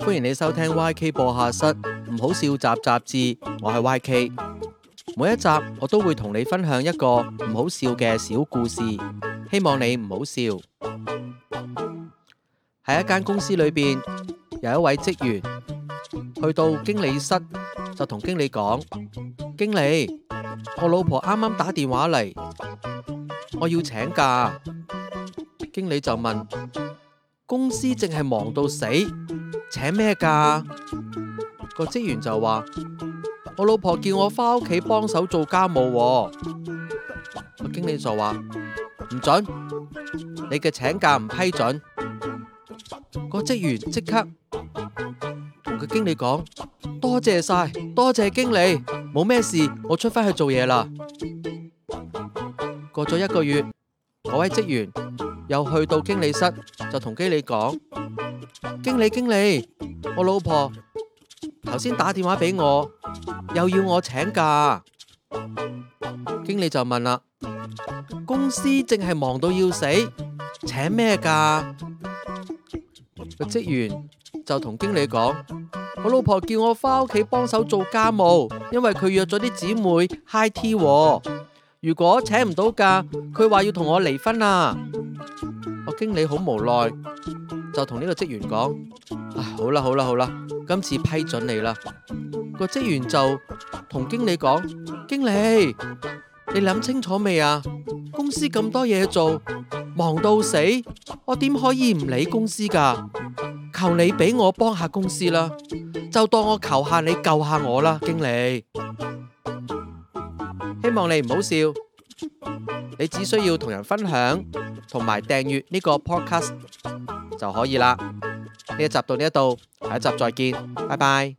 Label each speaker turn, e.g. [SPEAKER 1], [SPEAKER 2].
[SPEAKER 1] 歡迎你收聽 YK 播客室，唔好笑雜雜誌，我係 YK。每一集我都會同你分享一個唔好笑嘅小故事，希望你唔好笑。喺一間公司裏邊，有一位職員去到經理室就同經理講：經理，我老婆啱啱打電話嚟，我要請假。經理就問：公司淨係忙到死？請咩假？個職員就話：我老婆叫我返屋企幫手做家務。個經理就話：唔准，你嘅請假唔批准。個職員即刻同個經理講：多謝晒，多謝經理，冇咩事，我出返去做嘢啦。過咗一個月，嗰位職員又去到經理室，就同經理講。經理，經理，我老婆頭先打電話俾我，又要我請假。經理就問啦：公司淨係忙到要死，請咩假？個職員就同經理講：我老婆叫我返屋企幫手做家務，因為佢約咗啲姊妹 high tea。如果請唔到假，佢話要同我離婚啊！我經理好無奈。就同呢個職員講：唉，好啦，好啦，好啦，今次批准你啦。個職員就同經理講：經理，你諗清楚未啊？公司咁多嘢做，忙到死，我點可以唔理公司㗎？求你俾我幫下公司啦，就當我求下你救下我啦，經理。希望你唔好笑，你只需要同人分享，同埋訂閱呢個 Podcast。就可以啦。呢一集到呢一度，下一集再見，拜拜。